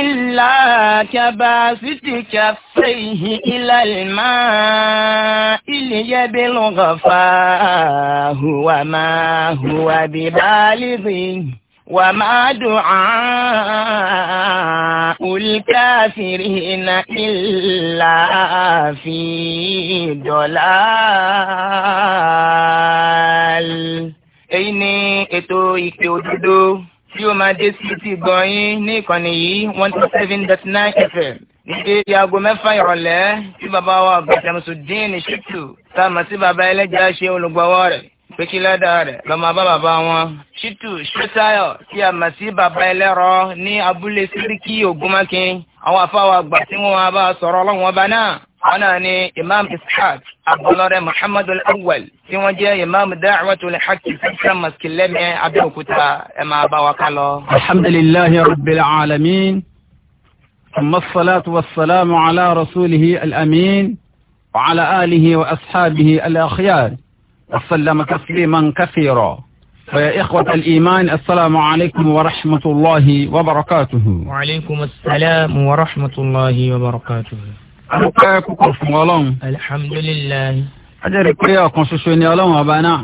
إلا كباسط كفيه إلى الماء ليبلغ فاه وما هو ببالغه وما دعاء الكافرين إلا في ضلال èyí ni ètò ìpè òdodo tí ó máa dé sí ti gbọ̀nyìn ní ìkànnì yìí one two seven dot nine fm ní déédéé aago mẹ́fà ìrọ̀lẹ́ tí bàbá wa Ṣàmsùdíìnì Ṣítù tá a mọ̀ sí bàbá ẹlẹ́jà ṣe olùgbọ́wọ́ rẹ̀ pékíládà rẹ̀ lọ́mọ bá bàbá wọn. Ṣítù Ṣótáyọ̀ tí a mọ̀ sí bàbá ẹlẹ́rọ ní abúlé síríkì Ògúnmákin àwọn afáwọ̀ àgbà tí wọ́n bá sọ̀rọ̀ ọlọ́run ọba náà. ọ̀nà ni imam ishaq abọlọ́rẹ́ muhammad al-awwal tí wọ́n jẹ́ imam da'watul haqq central mosque lẹ́mẹ́ abẹ́òkúta ẹ máa bá wa ká lọ. alhamdulillahi rabbil alamin amma salatu wa salamu ala rasulihi al-amin wa ala alihi wa ashabihi al-akhyar wa sallama tasliman kathira فيا إخوة الإيمان السلام عليكم ورحمة الله وبركاته وعليكم السلام ورحمة الله وبركاته adúpẹ́ púpọ̀ fún ọlọ́run. alihamudulilayi. a jẹ́rìí pé ọ̀kan ṣoṣo ni ọlọ́run ọba náà.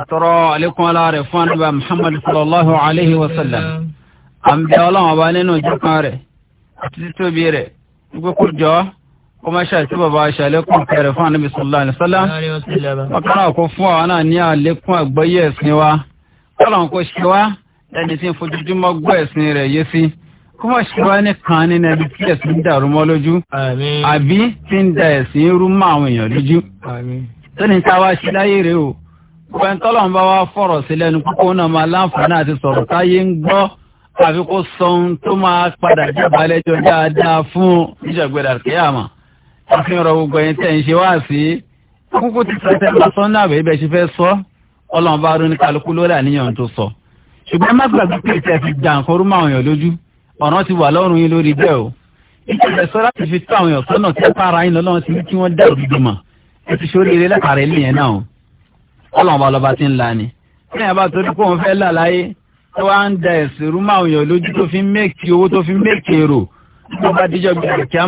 àtọrọ àlékún ọlá rẹ̀ fún ànábì muhammad sallallahu alayhi wa sallam. à ń bẹ ọlọ́run ọba nínú ìjọkan rẹ̀ àti títóbi rẹ̀ gbogbo kò jọ kó má ṣàìsí bàbá aṣàlékún kẹrẹ fún ànábì sallallahu alayhi wa sallam. bákan náà kó fún àwọn náà ní àlékún àgbọ́yé ẹ̀sìn wa kọ́lọ̀ kó ṣe wá ẹni tí ń fojoojúmọ́ gbọ́ ẹ̀sìn rẹ̀ yé sí kó má ṣe wá ní kan nínú ẹbí tí ẹ̀sìn ń dàrú mọ́ lójú àbí tí ń da ẹ̀sìn rú mọ́ àwọn èèyàn lójú. sẹ́ni tá a wá ṣe láyé rèé o pẹ̀lú tọ́lọ́n bá wá fọ̀rọ̀ sí lẹ́nu kókó náà máa láǹfààní àti sọ̀rọ̀ táyé ń gbọ́ àfi kó sọ ohun tó máa padà jábàá lẹ́jọ́ dáadáa fún ìjọ̀gbẹ̀dà kíyàmà gbogbo ẹ̀yin tẹ̀ ń ṣe wá sí kókó ti sẹ́sẹ́ lásán náà bẹ́ẹ̀ bẹ́ẹ̀ ṣe fẹ́ sọ ọlọ́run bá rún ní kálukú lórí àníyàn tó sọ ṣùgbọ́n má gbàgbé pé ìtẹ́ fi dànkọ́rú máa wọ̀nyàn lójú ọ̀ràn ti wà lọ́rùn yín lórí bẹ́ẹ̀ o ìjọba ẹ̀sọ́ láti fi tó àwọn èèyàn sọ́nà tí wọ́n para yín lọ́wọ́ sí kí wọ́n dẹ̀rù dídùn mọ̀ ẹ ti ṣó rere lẹ́kàrẹ́ ilé náà o ọlọ́run bá ti ń la ni ní ẹ̀ bá torí pé òun fẹ́ là láyé tó wá ń da ẹ̀sìn rú máa yàn lójú tó fi méèkì owó tó fi méèkì èrò tó bá díjọ́ bí kí á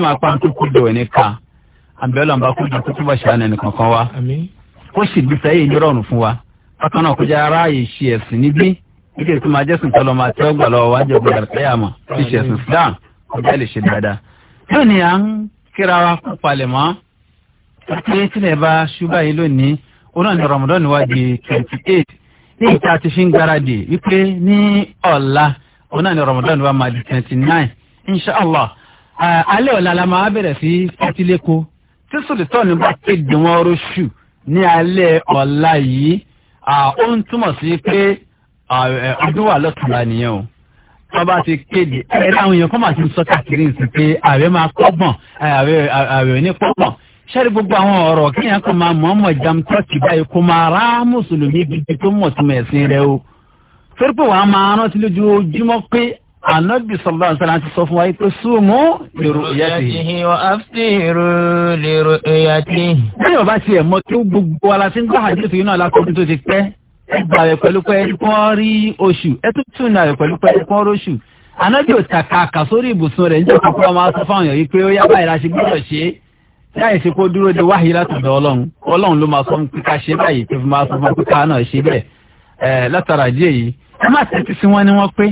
máa pa nígbà tí máa jẹ́sùn tọ́lọ́ máa tẹ́ ọgbà lọ́wọ́ wájú ọgbà àlùkẹ́yàmọ̀ tí ìṣẹ̀sùn Sudan ọjà lè ṣe dáadáa. lónìí à ń kíra wa kó palẹ̀ mọ́ pé tílẹ̀ bá ṣúgbà yìí lónìí onáà ní Ramadan wá di twenty eight ní ìta ti fi ń gbáradì wípé ní ọ̀la onáà ní Ramadan wá twenty nine inshallah alẹ́ ọ̀la la máa bẹ̀rẹ̀ sí fẹ́tílẹ́kọ tí sòlítọ́ọ̀nù bá kéde wọn rọ́ṣù ní alẹ́ ọ̀la yìí ó ń túmọ̀ sí pé ọdún wà lọ́tùnlá nìyẹn o wọ́n bá ti kéde ẹ̀rọ àwọn èèyàn kan máa ti ń sọ káàkiri ń sìn pé ààrẹ máa kọ́gbọ̀n ààrẹ ò ní kọ́gbọ̀n sẹ́ẹ̀rì gbogbo àwọn ọ̀rọ̀ kéèyàn kan máa mọ̀ọ́mọ̀ jam tọ́ọ̀tì báyìí kó máa rá mùsùlùmí gidi tó mọ̀ tó mẹ̀sìn rẹ o torí pé wàá máa rántí lójoojúmọ́ pé anabi sọlá ọsàn àti sọ fún wa pé súnmù lèrò ìyàtì. wà á fi rò lèrò ìyàtì. báyọ̀ bá tiẹ̀ mọ tó gbogbo aláṣẹ́ ń gbọ́ àdéhùn náà lákòókò tó ti pẹ́ ẹ gbà rẹ̀ pẹ̀lú pé ẹni kan rí oṣù ẹ tún tún nà rẹ̀ pẹ̀lú pé ẹni kan róṣù anábì ò tàkàkà sórí ibùsùn rẹ̀ níjẹ́ kókó ọmọ aṣọ fáwọn èèyàn yìí pé ó yá báyìí la ṣe gbọ́dọ̀ ṣe é tí àyè ṣe kó dúró de wáhìí látọ̀dọ̀ ọlọ́run ọlọ́run ló máa sọ fún kíkà ṣe báyìí tó fi máa sọ fún kíkà náà ṣe bẹ́ẹ̀ ẹ̀ látara díẹ̀ yìí ẹ má tẹ́tí sí wọn ni wọ́n pé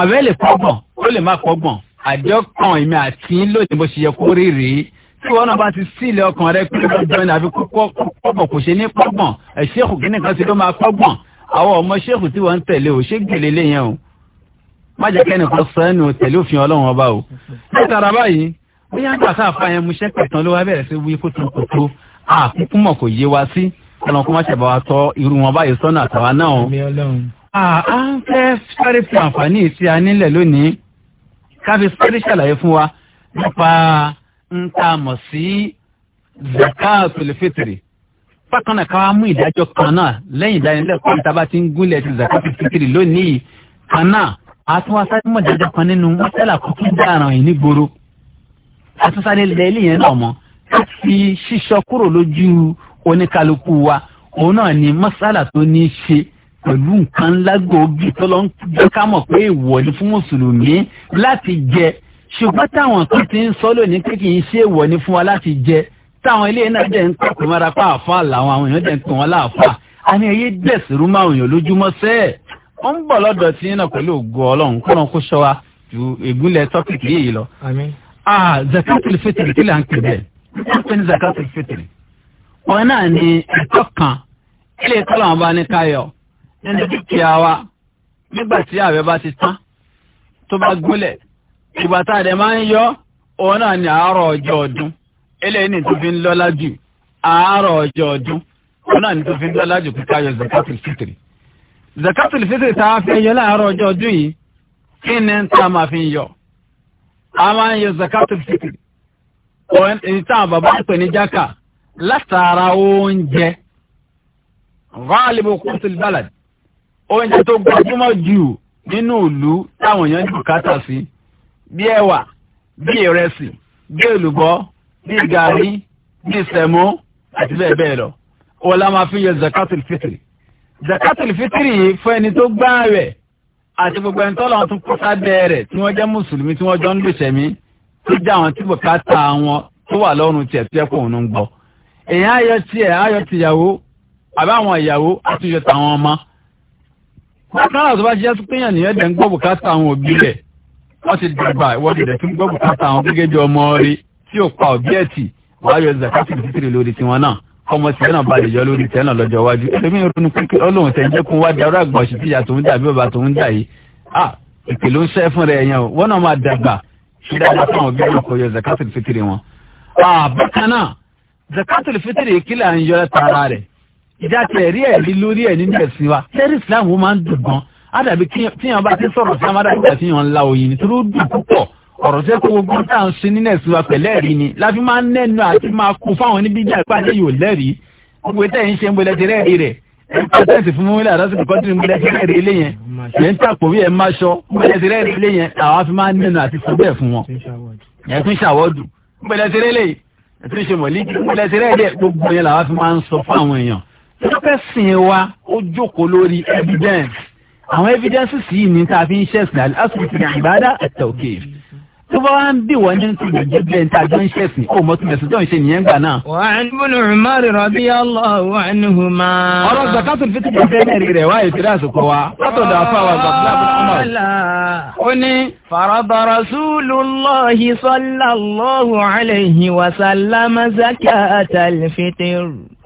àbẹ́ lè kọ́gbọ̀n ó lè má kọ́gbọ̀n àjọ kan ìmẹ̀ àti lónìí bó ṣe yẹ kó rí rèé tí wọn náà bá ti sílẹ̀ ọkàn rẹ pé gbọ́dọ̀ ní àfi pọ́pọ̀ kò ṣe ní pọ́gbọ̀n ẹ̀ ṣéèkù kí nìkan ti ló máa pọ́gbọ̀n àwọn ọmọ ṣéèkù tí wọ́n ń tẹ̀lé o ṣé gbèlè léyìn o má jẹ́ kẹ́ni kan sọ ẹnu tẹ̀lé òfin ọlọ́run ọba o. látara báyìí bóyá ń gbàtà àfa yẹn mu ṣẹ́pẹ̀ tán ló wá bẹ̀rẹ̀ sí wí kótó kótó àkúkú mọ̀ kò yé wa sí ọlọ́run kó má ṣe wa tọ́ irú wọn báyìí sọ́nà nípa ń tá a mọ̀ sí zakatul fitri bákan náà káwá mú ìdájọ́ kan náà lẹ́yìn ìdánilẹ́kọ̀ọ́ ìtaba ti ń gúnlẹ̀ ti zakatul fitri lónìí kan náà àtúnwásájú mọ̀ ìdájọ́ kan nínú mọ́tẹ́là kúkú dáràn yìí nígboro àtúnṣáde lẹ́lẹ́ yẹn náà mọ́ fi ṣíṣọ kúrò lójú oníkálukú wa òun náà ni mọ́sálà tó ní í ṣe pẹ̀lú nǹkan lágbòógì tó ń jẹ́ ká mọ̀ pé ìwọ̀ fún mùsùlùmí láti jẹ ṣùgbọ́n táwọn kan ti ń sọ lónìí pé kì í ṣe èèwọ̀ ni fún wa láti jẹ táwọn ilé náà dẹ̀ ń kọ̀kọ̀ mọ́ra pa àfa làwọn àwọn èèyàn dẹ̀ ń pè wọ́n láàfa àní ẹyẹ dẹ̀sìrú máa wòyàn lójúmọ́ sẹ́ẹ̀ ó ń bọ̀ lọ́dọ̀ tí náà pẹ̀lú ògo ọlọ́run kó náà kó ṣọ́ wa ju ègúnlẹ̀ tọ́pìkì yìí lọ. ah zakatul fitri kí là ń pè bẹ́ẹ̀ wọ́n pè ní zakatul fitri wọn náà ní ẹ̀tọ́ kan ilé ìtọ́lọ̀ wọn bá ní káyọ̀ nígbà tí ààrẹ bá ti tán tó bá gúnlẹ̀ ìgbà tá a dẹ̀ máa ń yọ òun náà ní àárọ̀ ọjọ́ ọdún eléyìí ní tó fi ń lọ́lá jù àárọ̀ ọjọ́ ọdún òun náà ní tó fi ń lọ́lá jù kíkà yọ zakatul fitri zakatul fitri tá a fẹ́ yọ láàárọ̀ ọjọ́ ọdún yìí kí ni tá a máa fi ń yọ a máa ń yọ zakatul fitri òun ìtàn bàbá ń pè ní jákà látara oúnjẹ ghalibu qutul balad oúnjẹ tó gbajúmọ̀ jù nínú ìlú táwọn èèyàn ń bùkátà sí bí ẹ̀wà bí ìrẹsì bí èlùbọ́ bí gàrí bí sẹ̀mó àti bẹ́ẹ̀ bẹ́ẹ̀ lọ wọ́n la máa fi yọ zakatul fitri zakatul fitri yìí fún ẹni tó gbá rẹ̀ àti gbogbo ẹni tó lọ́wọ́ tó kó sábẹ́ rẹ̀ tí wọ́n jẹ́ mùsùlùmí tí wọ́n jọ ń lùsẹ̀mí tó jẹ́ àwọn tí bùkátà wọn tó wà lọ́rùn tiẹ̀ tó yẹ kó òun ń gbọ́ èèyàn ayọ̀ tiẹ̀ ayọ̀ tìyàwó àbáwọn ìyàwó àtúnyọ̀ tàwọn ọmọ bákan náà tó bá ṣiṣẹ́ tó péyàn nìyẹn dẹ̀ ń gbọ́ bùkátà àwọn òbí rẹ̀ wọ́n ti dàgbà ìwọ́de rẹ̀ tí ń gbọ́gbù káta àwọn gẹ́gẹ́ bí ọmọ rí tí ò pa òbí ẹ̀ tì wàá yọ zakati fitiri lórí tiwọn náà kọ́mọ sí náà balẹ̀ yọ lórí tẹ́ náà lọ́jọ́ iwájú ẹlẹ́mìí ronú pé ọlọ́run tẹ̀ ń jẹ́ kó wá di ará àgbọ̀n sí tíya tó ń dà bí bàbá tó ń dà yìí à ìpè ló ń ṣẹ́ fún rẹ̀ yẹn o wọ́n náà máa dàgbà ṣé dáadáa fún àwọn gẹ́gẹ́ kó yọ zakati fitiri wọn. bákan náà zakati fitiri kí là ń yọ tara rẹ̀ ìjà tẹ̀ rí ẹ̀rí lórí ẹ̀ nínú ẹ̀sìn wa tẹ́rì Islam ó máa ń dùn gan àdàbí tíyàn bá ti sọ̀rọ̀ sí àmàdà nígbà tí yàn ń la oyin nítorí ó púpọ̀ ọ̀rọ̀ tẹ́ kó gbogbo tá à ń ṣe nílẹ̀ sí wa pẹ̀lẹ́ rí ni láfi máa ń nẹ́nu àti máa kó fáwọn oníbíjà ìpàdé yóò lẹ́rìí gbogbo tẹ́ ń ṣe ń bolẹ̀ tẹ́lẹ̀ rí rẹ̀ pàtẹ́ǹsì fún mímúlẹ̀ àdásìkò kọ́ńtì ń bolẹ̀ tẹ́lẹ̀ rí ilé yẹn yẹn ń tàpọ̀ bí ẹ máa ṣọ bolẹ̀ tẹ́lẹ̀ rí ilé yẹn àwa fi máa ń nẹ́nu àti sọ bẹ́ẹ̀ fún wọn yẹn tún ṣàwọ́dù bolẹ̀ tẹ́lẹ̀ àwọn evidences yìí ní tá a fi ń ṣẹ̀sìn al-aslu fil ibada at-tawqif tó bá wá ń bí wọ́n ní ti gbẹ̀jẹ̀ bẹ́ẹ̀ tá a jọ ń ṣẹ̀sìn ó mọ̀ tó mẹ̀sùn tó ń ṣe nìyẹn gbà náà. wà á ní bùnú Umar radiyallahu anhuma. ọ̀rọ̀ zakatul fitr ti bẹ́ẹ̀ mẹ́rin rẹ̀ wá ètò àsìkò wa látọ̀dọ̀ afọ àwọn zakatul fitr. ó ní. farada rasulullahi sallallahu alayhi wa sallam zakatul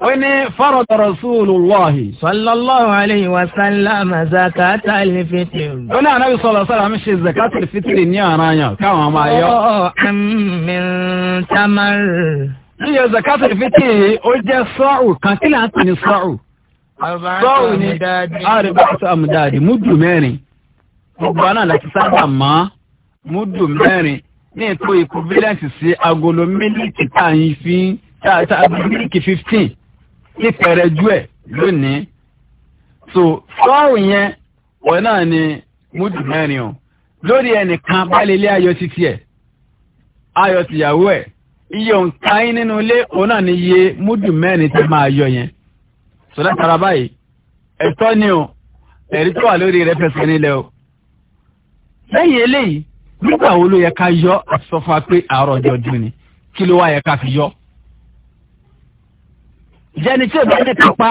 ó ní farada rasulullahi. sallallahu alayhi wa sallam zakata alifitiri. ó ní anabi sọlọ sọlọ àmì ṣe zakata alifitiri ní àràyàn káwọn máa yọ. ọ̀ àmì tamar. yíyọ zakata alifitiri ó jẹ́ sọ́ọ̀ù kan kí là ń pè ní sọ́ọ̀ù. sọ́ọ̀ù ni àrùbáṣọ àmúdáàdì múdù mẹ́rin. gbogbo àná láti sábà mọ́ múdù mẹ́rin ní ètò ìkú bílẹ̀ǹsì sí agolo mílíkì tá a yin fi tá a mílíkì fifteen ní pẹrẹjú ẹ̀ lónìí so sọ́ọ̀rù yẹn wọ́n náà ni múdù mẹ́rin o lórí ẹnìkan balẹ̀lẹ́ ayọ̀ ti tiẹ̀ ayọ̀ tìyàwó ẹ̀ iye òǹkà yín nínú ilé òun náà ni iye múdù mẹ́rin ti máa yọ yẹn so látara báyìí ẹ̀tọ́ ni o ẹ̀rí tó wà lórí rẹ̀ fẹsẹ̀ nílẹ̀ o lẹ́yìn eléyìí nígbà wo ló yẹ ká yọ àsọfà pé àárọ̀ ọjọ́ dún ni kí ló wá yẹ ká fi yọ jẹ́ni tí ò bá ní kápá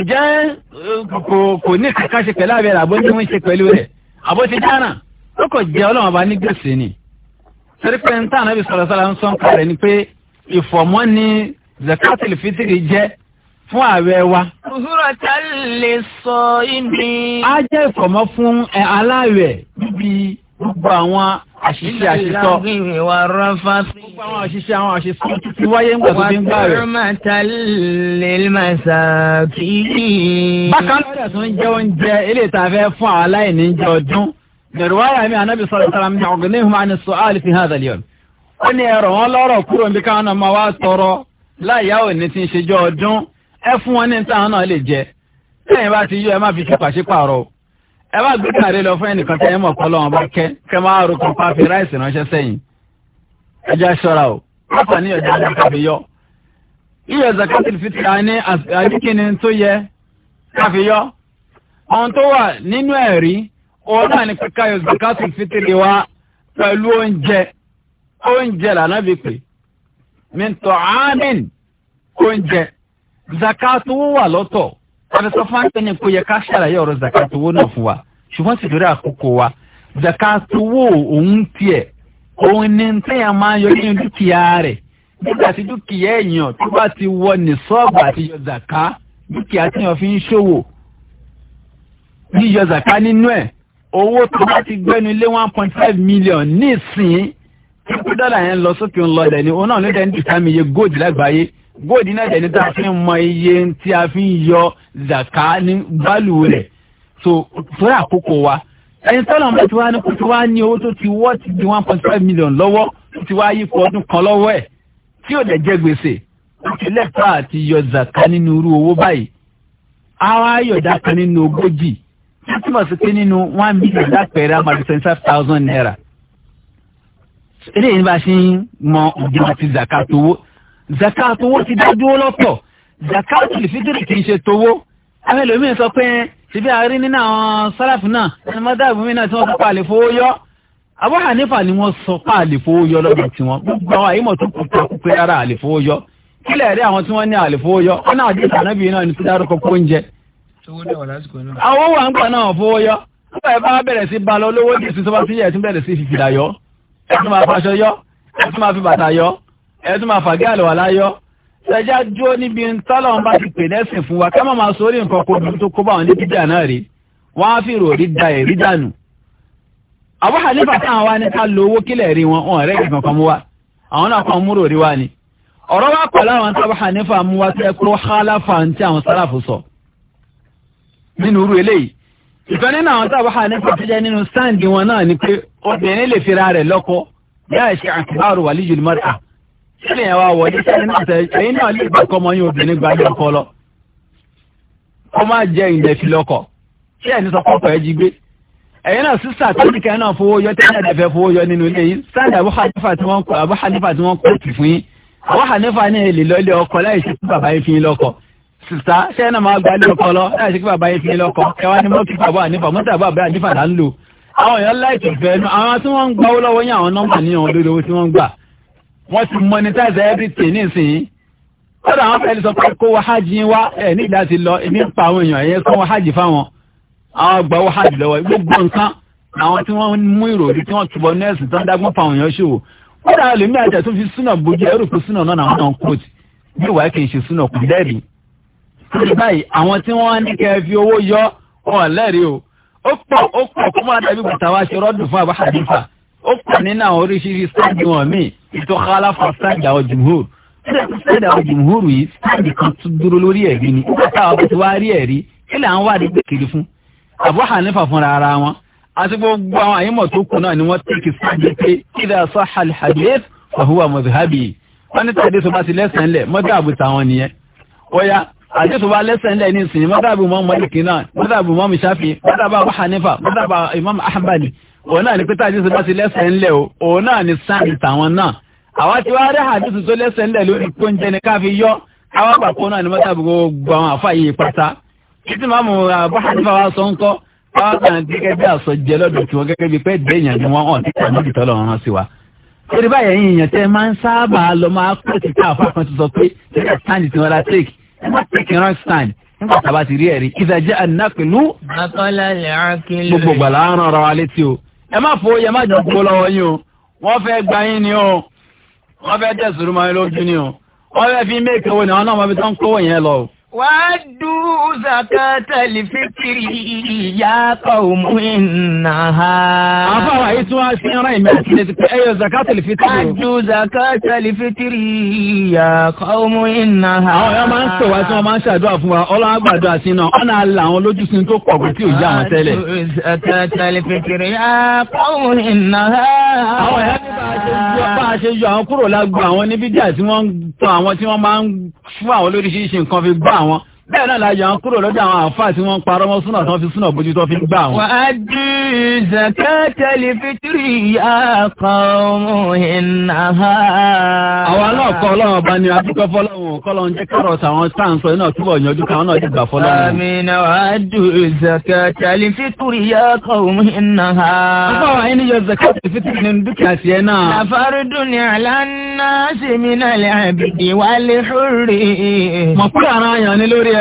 ìjẹ́ eh, kò kò ní kankan ṣe pẹ̀lú àbẹ̀rẹ̀ àbó ní wọ́n ṣe pẹ̀lú rẹ̀ àbó ti dáná ó kò jẹ́ ọlọ́run ọba ní gbèsè ni torí pé níta ànábì sọ̀rọ̀ sọ̀rọ̀ ń sọ nǹkan rẹ̀ ni pé ìfọ̀mọ́ ni zakatil fitiri jẹ́ fún ààrẹ wa. òwúrọ̀ tá lè sọ ìmí. á jẹ́ ìfọ̀mọ́ fún eh, aláàrẹ̀ bíbí gbogbo àwọn àṣìṣe àṣìṣọ. gbogbo àwọn àṣìṣe àwọn àṣìṣọ ti wáyé ń gbàgbọ́ bí ń gbà rẹ̀. bákan náà tún jẹ́ oúnjẹ eléyìí fẹ́ fún àwọn aláìní jẹ ọdún. nìrìwáyà mi ànábì sọ̀rọ̀ sọ̀rọ̀ mi ọ̀gbìn ní ìhùmá ni sọ àlè fi hàn àdàlẹ́ ọ̀n. ó ní ẹ̀rọ wọn lọ́rọ̀ kúrò níbi káwọn náà máa wá tọrọ láyà òní ti ń ṣe jọ ọdún ẹ fún wọn ní táwọn náà lè jẹ. lẹ́yìn bá ti yọ ẹ má fi ṣe pàṣípàrọ̀ o ẹ bá gbé kàrí lọ fún ẹnìkan tẹ́ ẹ mọ̀ kọ́ lọ́wọ́n bá kẹ́ kẹ́ máa rúkọ pápí ráìsì ránṣẹ́ sẹ́yìn ẹjọ́ ṣọ́ra o pátá ní ọjà ọjà káfí yọ. iyọ̀ zakatil fitra ní àdíkìní tó yẹ káfí yọ. ohun tó wà nínú ẹ̀rí òun náà ni kíkà yọ zakatil fitri wa pẹ̀lú oúnjẹ oúnjẹ lànà bí pé min ta'amin oúnjẹ zakatu wà lọ́tọ̀ ọ̀nà sọ fún akẹ́ni kò yẹ ká ṣàlàyé ọ̀rọ̀ zakat owó náà fún wa ṣùgbọ́n sì lórí àkókò wa zakat owó òun tiẹ̀ òun ni tẹ́yà máa yọ nínú dúkìá rẹ̀ nígbà tí dúkìá èèyàn tó bá ti wọ ní sọ́ọ̀bù àti yọ zaka dúkìá tí wọ́n fi ń ṣòwò yíyọ zaka nínú ẹ̀ owó tó bá ti gbẹ́nu lé one point five million ní ìsìn tí kú dọ́là yẹn lọ sókè ńlọ dẹ̀ ni òun náà ló dẹ̀ ń dùtà mi yẹ góòdù lágbàáyé góòdì náà jẹ́ ní tá a fi mọ iye tí a fi ń yọ zaka ní bálù rẹ̀ so torí àkókò wa ẹni tọ́lọ̀ mọ́ ti wá ní kó ti wá ní owó tó ti wọ́ ti di one point five million lọ́wọ́ tó ti wá yípo ọdún kan lọ́wọ́ ẹ̀ tí ò dẹ̀ jẹ́ gbèsè ó ti lẹ́tọ́ àti yọ zaka nínú irú owó báyìí àwọn ayọ̀dá kan nínú ogójì tí mo sì pé nínú one million lápẹ̀rẹ̀ amadu twenty five thousand naira eléyìí ni bá a ṣe ń mọ òdiwọ̀n ti zaka tó wó zakat owó ti dá dúró lọ́pọ̀ zakat lìfítìrì kì í ṣe towó àwọn ẹlòmíín sọ pé síbi àárín nínú àwọn sálàfù náà ẹni mọ́tàbí mi náà tí wọ́n sọ pa àlè fowó yọ Abu Hanifa ni wọ́n sọ pa àlè fowó yọ lọ́dọ̀ tiwọn gbogbo àwọn àyímọ̀ tó kù ká kú pé rárá àlè fowó yọ kílẹ̀ rí àwọn tí wọ́n ní àlè fowó yọ ó náà dé sànàbí náà ní tó dárúkọ kó ń jẹ. àwọn owó àǹgbà náà fowó yọ nígbà yẹn bá bẹ̀rẹ̀ sí balọ̀ olówó dì sí sọ́ba sí yẹ̀ tún bẹ̀rẹ̀ sí fìfìlà yọ ẹ̀ tún máa faṣọ yọ ẹ̀ tún máa fi bàtà yọ ẹ̀tún máa fàgé àlọ́ aláyọ́ ṣẹjá dúró níbi tọ́lọ́run bá ti pè lẹ́sìn fún wa kẹ́mọ̀ máa sórí nǹkan kó dùn tó kó bá wọn ní bídà náà rí wọ́n á fi ròrí da èrí dànù. àbúrò àlefa táwọn wa ní ká lo owó kílẹ̀ rí wọn wọn rẹ́ẹ̀kì kankan mú wa àwọn náà kan múrò rí wa ni. ọ̀rọ̀ wa pẹ̀lú àwọn tábà hanifa mú wa tẹ́ kúrò hálàfà tí àwọn sálàfù sọ. nínú irú eléyìí ìfẹ́ nínú àwọn tábà hanifa ni pé obìnrin lè fira rẹ̀ lọ́kọ sẹ́ni ẹ̀ wá wọlé sẹ́ni náà sẹ́ ẹ̀yin náà lè bá kọ́mọ yín obìnrin gbájú ọkọ lọ. kó má jẹ́ ìdẹ̀fi lọ́kọ̀ tí ẹ̀ ní sọ kọ́kọ́ ẹ jí gbé. ẹ̀yin náà sísà tóbi kan náà fowó yọ tẹ́lẹ̀ dẹ̀fẹ́ fowó yọ nínú ilé yín sáàdì Abu Hanifa tí wọ́n kọ́ Abu Hanifa tí wọ́n kọ́ tì fún yín. Abu Hanifa ní èlé lọ́lé ọkọ láì ṣe kí bàbá yín fi yín lọ́kọ. sísà sẹ́ni náà máa gbalẹ̀ ọkọ lọ láì ṣe kí bàbá yín fi yín lọ́kọ. ẹ wá ní mọ́tò Abu Hanifa mọ́tò Abu Hanifa là ń lò. àwọn èèyàn láì tì fẹ́ nu àwọn tí wọ́n ń gbawó lọ́wọ́ yín àwọn nọ́mbà níyàn lórí owó tí wọ́n ń gbà wọ́n ti monetize everything nísìnyí kódà àwọn fẹ́ẹ́ sọ pé kó wọ hajj wá ẹ̀ ní ìdá ti lọ èmi ń pa àwọn èèyàn ẹ̀yẹ kó wọ hajj fáwọn àwọn ọgbà wọ hajj lọ́wọ́ gbogbo nǹkan àwọn tí wọ́n mú ìròyìn tí wọ́n túbọ̀ nẹ́ẹ̀sì tó ń dágbọ́n pa àwọn èèyàn ṣòwò kódà àwọn èmi àjà tó fi súnà bójú ẹrù pé súnà náà náà náà kóòtù bí ìwà kì í ṣe súnà kù lẹ́rìí lórí báyìí àwọn tí wọ́n ní kẹ́ fi owó yọ wọn lẹ́rìí o ó pọ̀ ó pọ̀ kó má dàbí bàtà wa ṣe rọ́dùn fún àbáhàdìfà ó pọ̀ nínú àwọn oríṣiríṣi sáàdì wọn ìtọ́kálá fún sáàdì àwọn jùmùhóòrù sáàdì àwọn jùmùhóòrù yìí sáàdì kan tún dúró lórí ẹ̀rí ni nígbà táwọn bá ti wá rí ẹ̀rí kí là ń wá rí gbèkiri fún Abu Hanifa fúnra ara wọn àti gbogbo àwọn àyímọ̀ tó kù náà ni wọ́n tẹ̀kì sáàdì pé idha sahha al-hadith fa huwa madhhabi wọ́n ní tàdé tó bá ti lẹ́sẹ̀ ńlẹ̀ mọ́dàbù táwọn nìyẹn wọ́yá àti tó bá lẹ́sẹ̀ ńlẹ̀ ní òun náà ni pé tàdé bá ti lẹ́sẹ̀ ńlẹ̀ òun náà ni sáàdì táwọn náà àwọn tí wàá rí àdúsù tó lẹ́sẹ̀ ńlẹ̀ lórí tó ń jẹni yọ àwọn àpapọ̀ náà ni mọ́tà gbogbo àwọn àfa yìí pátá títí màmú Abu Hanifa wa sọ ńkọ́ káwọn kan gẹ́gẹ́ bí àsọjẹ lọ́dọ̀ tí wọ́n gẹ́gẹ́ bí pé dẹ́yìn ni wọ́n hàn nípa níbi tọ́lọ̀ wọn sí wa. torí báyìí ẹ̀yin èèyàn tẹ́ máa ń sábà lọ máa pè sí káàfà kan ti sọ pé tẹ́lẹ̀ stand ti wọn la take ẹ má take wrong stand nígbà tá a bá ti rí ẹ̀rí ìdájẹ́ ànápẹ̀lú. akọ́lá lè á kí lóore. gbogbo gbàlá ń rọra wa létí o ẹ má fowó yẹ má jọ gbó lọ́wọ́ yín o wọ́n fẹ́ gba yín ni o wọ́n fẹ́ tẹ̀sùrù máa lójú ni o wọ́n fẹ́ fi mí èkó wọn ni àwọn náà wọ́n fi tán kówó yẹn lọ وَأَدُّوا زَكَاةَ الْفِطْرِ يَا قَوْمُ إِنَّهَا Àfáwà yìí tún wá sí ẹran ìmẹ́ àti ilé ti pé ẹyọ zakat al-fitr. Addu zakat al-fitr ya qawm innaha. Àwọn ọ̀yọ́ máa ń pè wá tí wọ́n máa ń ṣàdúrà fún wa, ọlọ́run àgbàdo àti iná, ọ̀nà àlà àwọn olójúsìn tó pọ̀ pé tí ò yá àwọn tẹ́lẹ̀. Addu zakat al-fitr ya qawm innaha. Àwọn ẹ̀yà bá a ṣe yọ àwọn kúrò lágbo àwọn oníbídíà tí wọ́n ń tọ́ àwọn tí wọ́n máa ń fún àwọn olóríṣiríṣi nǹkan fi gbá àwọn bẹ́ẹ̀ náà la yàn kúrò lọ́dọ̀ àwọn àǹfààní tí wọ́n ń parọ́ wọn súnà tán fi súnà bójú tó fi ń gbà wọn. wà á di zakatali fitiri ya kọ́ọ̀mùhìn náà. àwa náà kọ́ ọlọ́run ọba ni adúgbò fọlọ́run kọ́lọ́run jẹ́ kárọ̀ táwọn sáǹsọ iná túbọ̀ yanjú káwọn náà dìgbà fọlọ́run. àmìnà wà á di zakatali fitiri ya kọ́ọ̀mùhìn náà. wa yín ni yọ zakatali fitiri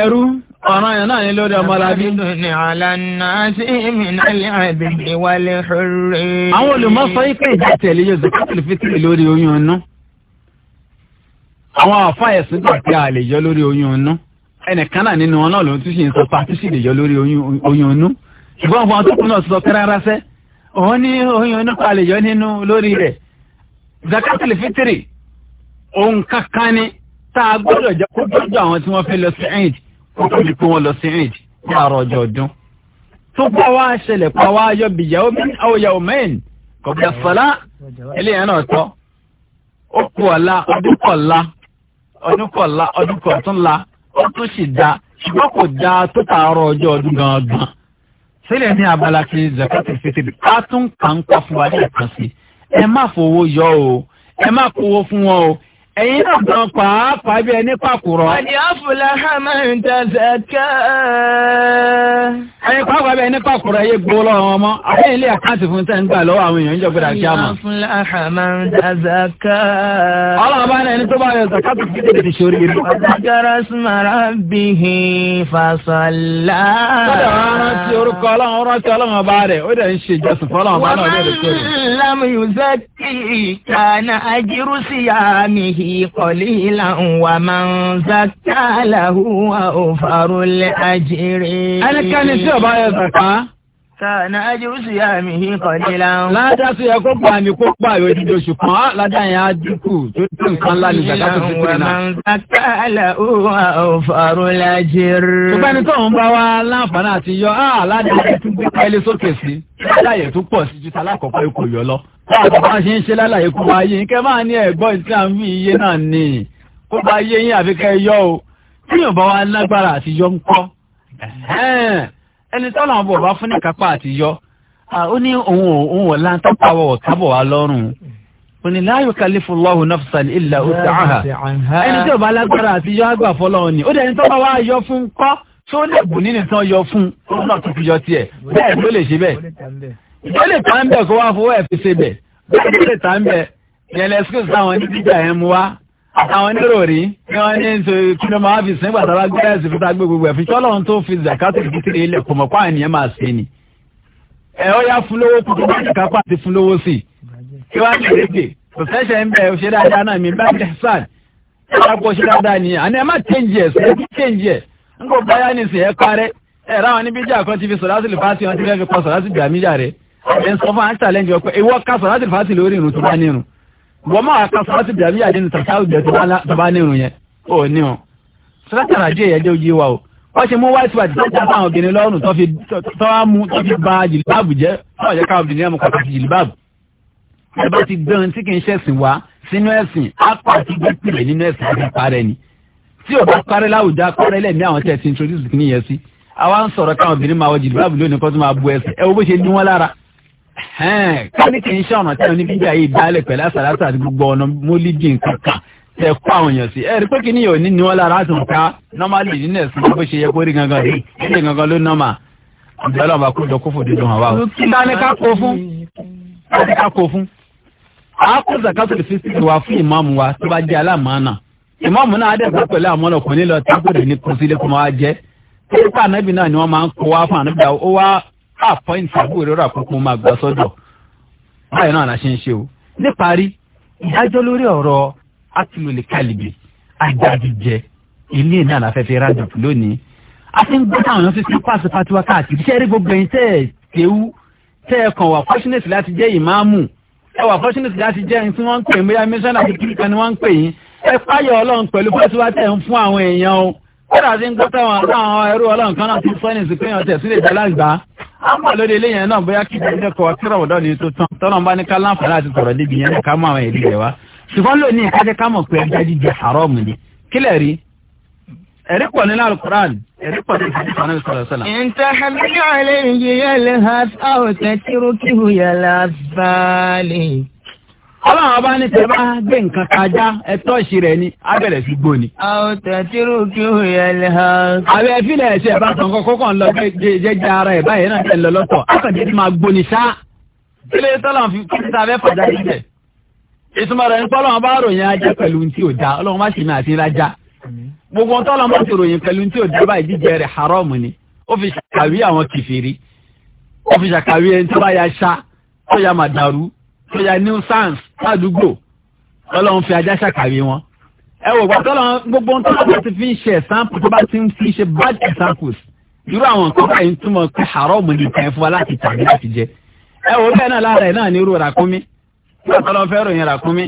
ẹrú ọ̀ràn yẹn náà ni lórí ọmọlábí. ní ọ̀lànà sí ìmìnàlẹ́ àbẹ̀bẹ̀ wálé ṣọ́rẹ́. àwọn olùmọ̀ sọ pé ìjà tẹ̀lé yóò zakatul fitri lórí oyún inú. àwọn àfa ẹ̀sìn gbà pé a yọ lórí oyún inú. ẹnìkan náà nínú wọn ló ń tún ṣe ń sọ pàtíṣì lè yọ lórí oyún inú. ṣùgbọ́n àwọn tó náà sọ kẹ́rẹ́rẹ́ sẹ́ òun ní oyún inú kọ́ lè yọ nínú lórí rẹ̀. zakatul fitri òun kankan ni kó tó di pé wọ́n lọ sí eid ní àárọ̀ ọjọ́ ọdún. tó pa wá ṣẹlẹ̀ pa wá yọ bìyàwó mi àwọn yàwó mẹ́rin kọ̀bíà fọlá eléyàn náà tọ́ ó kú ọ̀la ọdún kọ̀la ọdún kọ̀la ọdún kọ̀túnla ó tún sì da ṣùgbọ́n kò da tó tààrọ̀ ọjọ́ ọdún gangan. sílẹ̀ ní abala ti zakat fitiri ká tún kà ń pa fún wa ní ìkànsí ẹ má fowó yọ o ẹ má kówó fún wọn o ẹ̀yin náà gan pàápàá bí ẹni pàkúrọ̀. wọ́n di àfúlà hàmán tazakka. ẹ̀yin pàápàá bí ẹni pàkúrọ̀ ẹ̀yẹ gbó lọ́wọ́ wọn mọ́ àwọn ilé àkáǹtì fún sẹ́ń gbà lọ́wọ́ àwọn èèyàn ń jọgbọ́dà kí a mọ̀. àfúlà hàmán tazakka. ọlọ́run bá ẹni tó bá yọ zakatu kí tètè ti sori yìí. ọ̀dàkàrà sumara bihi fasalla. kọ́dà wọn rántí orúkọ ọlọ́run rántí ọlọ́run bá rẹ̀ ó dẹ̀ ń ṣe ìjọsìn fọlọ́run يزكيه قليلا ومن زكى له أوفر الأجر. أنا كان السبب Kàánà ájú sí àmì Ládá sí ẹ̀kọ́ pa ni kó pa àyò ìdíje oṣù kan, ládá yẹn á dínkù tó tó nǹkan tó ti kúrò náà. ń Ṣùgbọ́n ẹni tó ń bá wa láǹfààní àti yọ, ládá yẹn tún gbé sókè ju talákọ̀ọ́kọ́ ikọ̀ lọ. Bá a ṣe ń ṣe lálàyé kó yé kẹ́ máa ní ẹ̀gbọ́n ìsìlámù iye náà ẹni tọ́lọ̀ àwọn bọ̀bá fún ní kápá àtijọ́ ó ní òun òun ọ̀la ń tọ́pọ̀ àwọ̀ ọ̀tábọ̀ wá lọ́rùn ó ní la yukallifullahu nafsan illa wus'aha ẹni tí ò bá lágbára àtijọ́ àgbà fọlọ́run ni ó dẹ̀ ẹni tọ́pọ̀ wá yọ fún kọ́ tó lè bù nínú tán yọ fún náà tó fi yọ tiẹ̀ bẹ́ẹ̀ ló lè ṣe bẹ́ẹ̀ ó lè tà ń kó wá fowó ẹ̀ fi ṣe bẹ́ẹ̀ bẹ́ẹ̀ ló lè tà ń bẹ̀ yẹn lẹ́sìkò sáwọn níbi ìjà yẹn mu wá àtàwọn onírọ̀rí ni wọ́n ní ṣe kí ló máa fi sin ìgbà tára gbé ẹ̀sìn fi tágbé gbogbo tó fi zakati ìdíkiri ilẹ̀ kọ̀mọ̀kọ́ àníyàn máa ṣe ni. ẹ ó yá fún lówó kúkú bá nìkan pa àti fún lówó sí i kí wọ́n á lè rèké kò ń bẹ̀ ṣe dáadáa náà mi bá jẹ kó ṣe dáadáa nìyẹn má wọ́n máa ka sọ́ọ́tì dàbí àdéhùn tàṣàwù bẹ̀ tó bá nírun yẹn ó ní o sọ́ọ́tì àjẹ́ yẹn jẹ́ òye wa o wọ́n ṣe mú white white tó jáfa àwọn obìnrin lọ́rùn tó fi tó wá mú tó fi ba jìlìbáàbù jẹ́ tó yẹ káwọn obìnrin mú pàtàkì jìlìbáàbù ẹ bá ti gbẹ̀rún tí kì í ṣẹ̀sìn wá sínú ẹ̀sìn apá àti gbẹ̀pìlẹ̀ nínú ẹ̀sìn àti parẹ́ ni tí ò bá parẹ́ láwùjọ akọ́rẹ́ lẹ́mí àwọn tẹ̀ ti introduce kìíní yẹn sí àwa ń sọ̀rọ̀ káwọn obìnrin máa wọ jìlìbáàbù lónìí kó tó máa bu ẹsẹ̀ ẹ wo bó ṣe ní wọn lára káàdì kì í ṣe ọ̀nà tí wọn ní bíbí ayé ìdálẹ̀ pẹ̀lú àṣàlásà àti gbogbo ọ̀nà mólídìí nǹkan kan tẹ kó àwọn èèyàn sí ẹ rí pé kí ni yóò ní ni wọn lára àtún ká normally nínú ẹ̀sìn bó ṣe yẹ kó rí gangan rí ẹ̀sìn gangan ló nọ́mà àbẹ̀lẹ̀ ọba kó jọ kó fò dídùn àwa o. kíta ni ká kó fún kíta ni ká kó fún. àákó zakato fi sí wa fún ìmáàmù wa tó bá jẹ́ aláàmánà ìmáàmù náà adẹ́gbẹ́ pẹ̀lú àmọ́nà kò ní lọ tábìlì ní kùsílẹ̀ kó máa jẹ́ pé pàànàbì náà ni wọ́n máa ń kó wá fún àpọ́ìntì àbúrò rà kúkú máa gbà sọ́dọ̀ báyìí náà la ṣe ń ṣe o níparí ìdájọ́ lórí ọ̀rọ̀ atúlòlè kálíbì àjàdìjẹ ilé náà la fẹ́ fi rájọ lónìí a ti ń gbọ́ táwọn èèyàn fífi pàṣẹ pàtiwá káàkiri ṣé rí gbogbo ẹ̀yin tẹ́ ẹ̀ kéwú tẹ́ ẹ kàn wà fọ́ṣínẹ́sì láti jẹ́ ìmáàmù ẹ wà fọ́ṣínẹ́sì láti jẹ́ ẹni tí wọ́n ń pè é bóyá mísọ́nà àti kíríkan ni wọ́n ń pè yín ẹ páyọ̀ ọlọ́run pẹ̀lú pàtiwá kódà sí ń gbọ́ táwọn àwọn ẹrú ọlọ́run kan náà ti sọ ní ìsìnkúnyàn tẹ̀ sílẹ̀ ìjọba àgbà á mọ̀ lórí eléyẹn náà bóyá kí ìdílé ni tó tán tọ́nà bá ní ká láǹfààní àti sọ̀rọ̀ yẹn ká mọ àwọn rẹ̀ wá ṣùgbọ́n lónìí ká jẹ́ ká mọ̀ pé ẹja jíjẹ ni kílẹ̀ rí ọlọ́run ọba ní tẹ bá gbé nǹkan kájá ẹtọ́ ìṣirẹ̀ ni abẹ̀rẹ̀ sí gbóni. àwọn tẹ̀síìrù kí ó yẹ lè ha. àbẹ ìfilẹ̀ ẹ̀ṣẹ̀ bá tàn kọ́kọ́ kàn lọ jẹjẹ ara ẹ̀ báyìí náà tẹ̀ lọ akàdé ti máa gbóni ṣá. kílé tọ́lá fi kíkíta abẹ́ fàjà sílẹ̀. ìtumọ̀ rẹ̀ ń pọ́ lọ́wọ́ bá ròyìn ajá pẹ̀lú ti ò da ọlọ́run má sì ní àti rájá. gbogbo tọ́lọ́ má sọjà new science ládùúgbò ọlọ́run fi ajá ṣàkàwé wọn. ẹ wò gbàtọ́ lọ gbogbo ohun tó bá ti fi ń ṣe sample tó bá ti ń fi ṣe bad examples irú àwọn nǹkan báyìí ń túmọ̀ pé haram ní ìtàn fún wa láti tàbí láti jẹ. ẹ wò bẹ́ẹ̀ náà lára ẹ̀ náà ní irú ràkúnmí gbàtọ́ lọ fẹ́ ròyìn ràkúnmí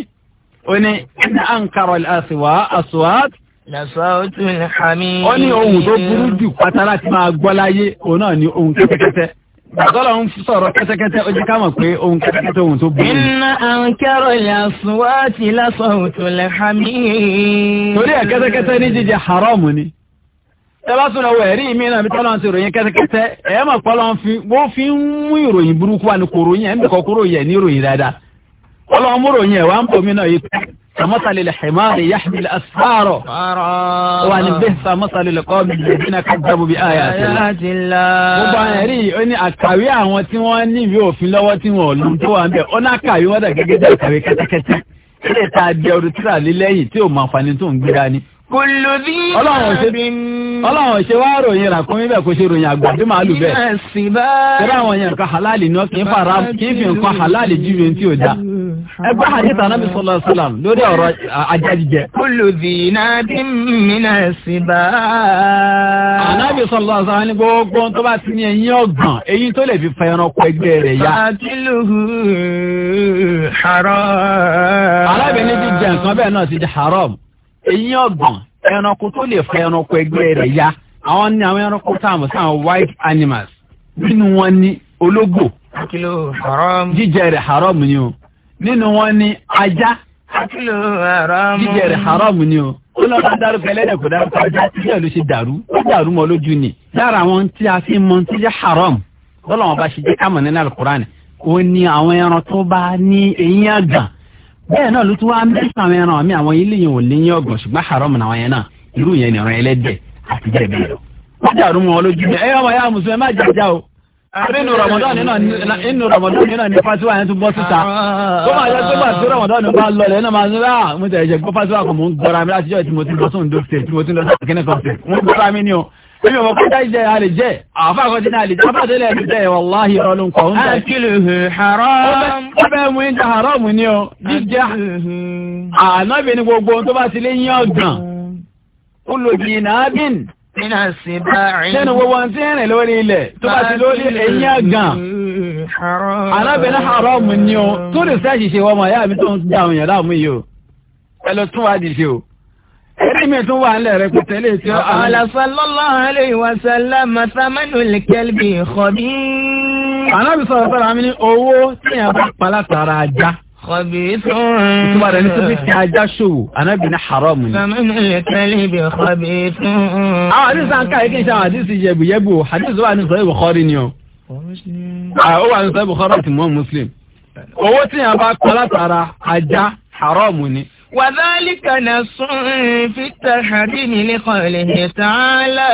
ó ní ẹni à ń karọ̀ àṣìwá àṣùwàt. lọ́sọ̀ọ́tún hàmí. ó ní ohun tó burú jù pátá láti Àtọ́lọ̀ ń sọ̀rọ̀ kẹ́tẹ́kẹ́tẹ́ ojú ká mọ̀ pé ohun kẹ́tẹ́kẹ́tẹ́ ohun tó burú. Iná àǹkẹ́rọ̀ ìlàsùnwá ti lásọ̀hùn tó lẹ̀ hàmí. Torí ẹ̀ kẹ́tẹ́kẹ́tẹ́ ní jíjẹ haramu ni. Ẹ bá tún mi náà ẹ̀ mọ̀ pọ́lọ́ fi wọ́n fi ń mú ìròyìn burúkú wa ni ẹ̀ ń bẹ̀kọ́ kúrò yẹ̀ ní ìròyìn كمثل الحمار يحمل أسفاره وأن بهس مثل القوم الذين كذبوا بآيات الله gbogbo àwọn ẹ̀rí ó ní àkàwé àwọn tí wọ́n ní ìwé òfin lọ́wọ́ tí wọ́n lù tó wà ń bẹ̀ ó ní àkàwé wọ́n dà gẹ́gẹ́ bí àkàwé kẹ́tẹ́kẹ́tẹ́ ilé ta di ọdún tíra lé lẹ́yìn tí ò máa fani tó ń gbéra ni kòlòdì ọlọ́run ṣe wá ròyìn ràkúnmí bẹ́ẹ̀ kò ṣe ròyìn àgbà bí màálù bẹ́ẹ̀ tẹ́lá àwọn èèyàn kan halali náà kì fara kì í fi nǹkan halali jíbi tí ò dá ẹgbẹ́ hadith anabi sọlọ sọlọm lórí ọ̀rọ̀ ajá jíjẹ. náà bí mìíràn sí bá. anabi sọlọ sọlọ ní gbogbo tó bá ti ní ẹyin ọgbọ̀n eyín tó lè fi fa ẹranko ẹgbẹ́ rẹ̀ yá. àtìlùhù haram. arábìnrin eyín ọ̀gbọ̀n ẹranko tó lè fa ẹranko ẹgbẹ́ rẹ̀ ya àwọn ní àwọn ẹranko táwọn sáwọn white animals nínú wọn ní ológbò jíjẹ rẹ̀ haram ni o nínú wọn ní ajá jíjẹ rẹ̀ haram ni o ó lọ bá dárúkọ ẹlẹ́dẹ̀ kó dárúkọ ajá jíjẹ ló ṣe dàrú ó dàrú mọ́ lójú ni lára àwọn tí a fi mọ̀ tí jẹ́ haram lọ́lọ́wọ́n bá ṣe jẹ́ kámọ̀ nínú alukurani ó ní àwọn ẹran tó bá ní eyín àgàn bẹ́ẹ̀ náà ló tún wá nke án ẹran àmì àwọn ilé yẹn ò ní ní ọgbọ̀n ṣùgbọ́n haram làwọn yẹn náà irú yẹn ni ọ̀ràn ẹlẹ́dẹ̀ àti bẹ́ẹ̀ lọ. wọ́n mọ́ ya mùsùlùmí má o Àrí inú Ramadan náà inú Ramadan náà ní fásitì àyẹ̀ tún bọ́ síta. Tó máa yẹ pé bàtí Ramadan náà bá lọlẹ̀ náà máa ń rà ah, mo tẹ̀ ẹ̀jẹ̀ gbọ́ fásitì àkọ́mọ́ ń gbọ́ra mi láti jọ́ tí mo ti lọ sóhun dókítà tí mo ti lọ sí àkínní kan tẹ̀. Mo gbọ́ra mi ni o. Ebi ọmọ kọjá jẹ, àfa àkọsí náà alè jẹ, àfa àtẹlẹ ẹni jẹ wàláhi ọ̀rọ̀ ló ń kọ̀ ọ́n haram. Ó bẹ́ẹ̀ mú ìjà haram ni o. Jíjẹ ànábì ni gbogbo ohun tó bá ti lé yín ọ̀gàn. Olùjìnnà bín. Iná sí báyìí. Lẹ́nu gbogbo tí ń rìn lórí ilẹ̀ tó bá ti lórí ẹ̀yìn àgàn. Arábìnrin haramu ni o, tó lè sẹ́ ṣiṣẹ́ wọ́n mọ̀ ayá mi tó ń da àwọn èèyàn láàmú yìí o. Ẹ lọ tún wá di ṣe o. Ẹni mi tún wà nílẹ̀ rẹ pẹ̀tẹ́ lè tí ó. Àlà sallallahu alaihi wa sallam mathamanu sọ̀rọ̀ àmì ní owó tí èèyàn bá pa látara ajá khabithun. ìtumọ̀ rẹ̀ ní sọ́kè tí ajá ṣòwò anábì ní haram ni. sọ́mọ́nù lè tẹ́lẹ̀ bí khabithun. àwọn àdìsí àǹkà yìí kì í ṣe àwọn yẹ̀bùyẹ̀bù àdìsí wà ní sọ́yìn Bukhari ni o. ó wà ní Bukhari àti Muslim. owó tí yàrá bá kọ́ látara ajá وذلك نص في التحريم لقوله تعالى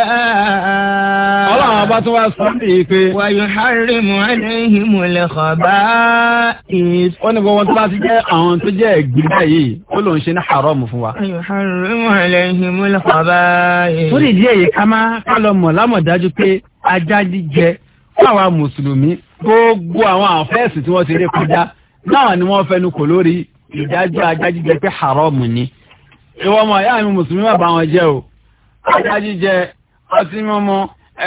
الله باتوا صديقي ويحرم عليهم الخبائث ó ní gbogbo tó bá ti jẹ́ àwọn tó jẹ́ ìgbìmọ̀ yìí ó lòun ṣe ní haram fún wa. ويحرم عليهم الخبائث. torí ìdí èyí ká máa ká mọ̀ lámọ̀dájú pé ajá jíjẹ fún àwa mùsùlùmí gbogbo àwọn àfẹ́sì tí wọ́n ti rí kọjá náà ni wọ́n fẹnu kò lórí ìdájọ́ ajá jíjẹ pé haramu ni ìwọ ọmọ ìyá mi mùsùlùmí má bà wọn jẹ́ o ajá jíjẹ ọtí mímu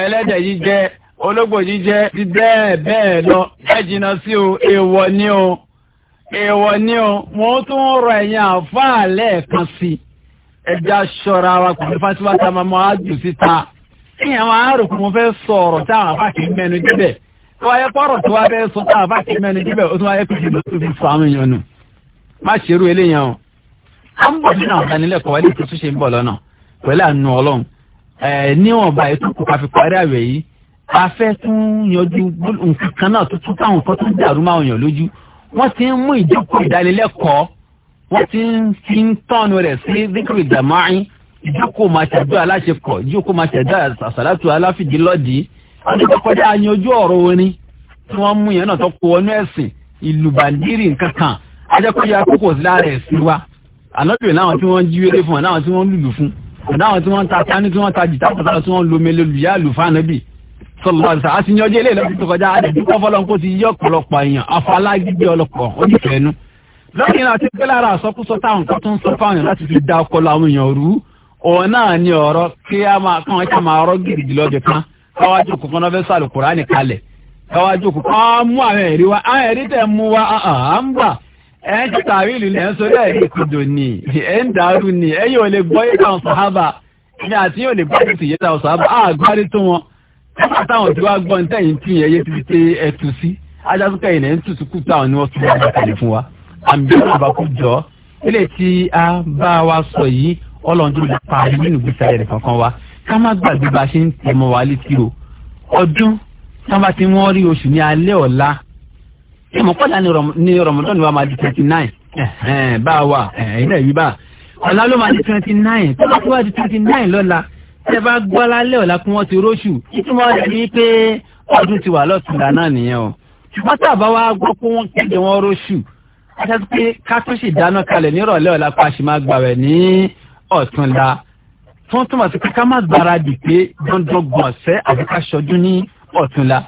ẹlẹ́dẹ̀ jíjẹ ológbò jíjẹ ti bẹ́ẹ̀ bẹ́ẹ̀ lọ ẹ jìnnà sí o èèwọ̀ ni o èèwọ̀ ni o mo tún rọ ẹ̀yin àfáà lẹ́ẹ̀kan sí i ẹja ṣọ́ra wa kò ní fásitì wàtá máa mọ àjù síta ìyẹn àwọn àrùkù mo fẹ́ sọ̀rọ̀ táwọn àfáàkì mẹ́nu jíbẹ̀ wọ́n ayẹ́pọ̀rọ̀ tí wọ́n fẹ́ sọ táwọn àfáàkì mẹ́nu jíbẹ̀ ó tún wáyé kùsùn lọ́sùn fi sọ àwọn nù má ṣerú eléyàn o a ń bọ̀ nínú àwọn ìdánilẹ́kọ̀ọ́ wa ilé ìtútù ṣe ń bọ̀ lọ́nà pẹ̀lú àánú ọlọ́run níwọ̀nba ètò kò káfí parí àwẹ̀ yìí a fẹ́ tún yanjú nǹkan kan náà tuntun táwọn kan tún dàrú máa yàn lójú wọ́n ti ń mú ìjókòó ìdánilẹ́kọ̀ọ́ wọ́n ti ń fi ń tọ́nu rẹ̀ sí díkìrì dàmáì ìjókòó máa ṣàdúrà aláṣepọ̀ ìjókòó máa ṣàdúrà àṣàlátù aláfìdílọ́dì ọdún tó kọjá yanjú ọ̀rọ̀ orin tí wọ́n mú yẹn náà tó kó wọnú ẹ̀sìn ìlú bàndírì nǹkan kan ajẹ́kọ̀ọ́ yẹ kókò sí lára ẹ̀ sí wa ànábìrì láwọn tí wọ́n jí wéré fún ànáwọn tí wọ́n lùlù fún ànáwọn tí wọ́n ta sani tí wọ́n ta jìtá pàtàkì tí wọ́n lo mele lùyà lù fún ànábì sọlọ ọsà àti yanjú ilé ìlọsí tó kọjá àdàbí kọfọlọ kó ti yí ọ̀pọ̀lọpọ̀ èèyàn afalágídé ọlọpọ ojúkẹ ẹnu lọ́yìn náà ti pẹ́ lára àsọkúsọ táwọn kan tó sọ fáwọn èèyàn láti fi da ọpọlọ àwọn èèyàn rú òun náà ni ọ̀rọ̀ kí a máa kàn ẹ́ ká máa rọ́ gidigidi lọ́dẹ kan káwájú kò kọ́nà fẹ́ sàlùkùrá nìkalẹ̀ káwájú kò kọ́ mú àwọn ẹ̀rí wa àwọn ẹ̀rí tẹ̀ mú wa à ń bà ẹ̀ ń ti tàwílù lẹ́ ń sórí ẹ̀ ní kùdò ni ẹ̀ ń dàrú ni ẹ̀ yóò lè gbọ́ yíká ọ̀sán hábà ní àti yóò lè gbọ́ títí yíká ọ̀sán hábà á gbárí tó wọn nígbà táwọn tí wàá gbọ́ nítẹ̀yìn tí yẹn yé ti ṣe ẹ̀ tù sí ajásùkẹ́ yìí lẹ́ ń tutù kú táwọn ni wọ́n tún wọn kalẹ̀ fún wa àmì àbákú jọ ilé tí a bá wa sọ yìí ọlọ́njú la parí nínú gbèsè ayẹyẹ kankan wa ká má gbàgbé bá a ṣe ń tẹ̀mọ́ wa létí o ọdún tí wọ́n bá ti wọ́n rí oṣù ní alẹ́ ọ̀la ṣé mo kọ́lá ní rọmọdọ́nù wa máa di twenty nine bá a wà ilẹ̀ yìí bá ọ̀la ló máa di twenty nine tó bá tó bá di twenty nine lọ́la tẹ́ bá gbọ́ lálẹ́ ọ̀la kí wọ́n ti róṣù ìtumọ̀ rẹ̀ ni pé ọdún ti wà lọ́tùnda náà nìyẹn o ṣùgbọ́n tá a bá wá gbọ́ pé wọ́n kéde wọn róṣù aṣáájú pé ká tún ṣì dáná kalẹ̀ nírọ̀lẹ́ ọ̀la pa ṣì máa gbàwẹ̀ ní ọ̀túnla fún túmọ̀ sí pé ká má gbáradì pé dandan gbọ̀nsẹ́ àbíká ṣọdún ní ọ̀túnla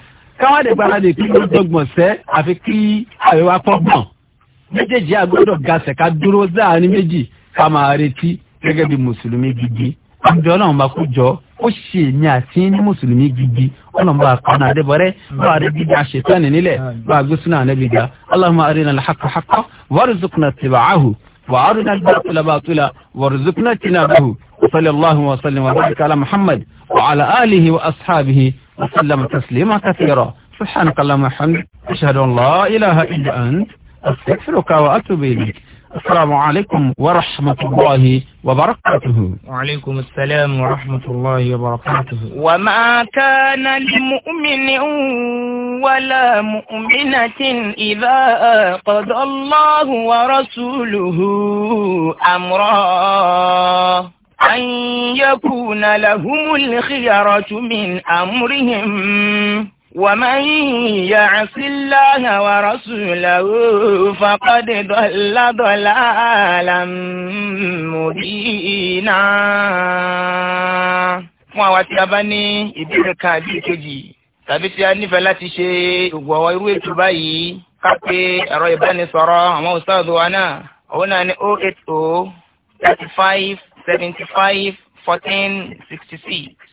káwá lè gbáradì kí ló dọ́gbọ̀n sẹ́ àfi kí àríwá pọ́gbọ̀n méjèèjì àgbọ̀dọ̀ gasẹ̀ ká dúró láàrin méjì ká máa retí gẹ́gẹ́ bí mùsùlùmí gidi àbí ọlọ́run bá kú jọ ó ṣe èmi àti ní mùsùlùmí gidi ọlọ́run bá kọ́nà àdébọ̀rẹ́ bá rẹ̀ gidi àṣetánì nílẹ̀ bá gbésùn náà nẹ́bi ga allahumma arina alhaqa haqqa warzuqna tibaahu wa arina albatula batula warzuqna tinabahu wa وسلم تسليما كثيرا سبحانك اللهم وبحمدك أشهد أن لا إله إلا أنت أستغفرك وأتوب إليك السلام عليكم ورحمة الله وبركاته وعليكم السلام ورحمة الله وبركاته وما كان لمؤمن ولا مؤمنة إذا قضى الله ورسوله أمرا أن يكون لهم الخيرة من أمرهم ومن يعص الله ورسوله فقد ضل ضلالا مبينا fún àwa tí a bá ní ìbéèrè kan àbí ìkejì tàbí tí a nífẹ̀ẹ́ láti ṣe gbogbo àwọn irú ètò báyìí ká pé ẹ̀rọ ìbánisọ̀rọ̀ àwọn ustaz wa náà òun náà ní 080 35 75, 14, 66.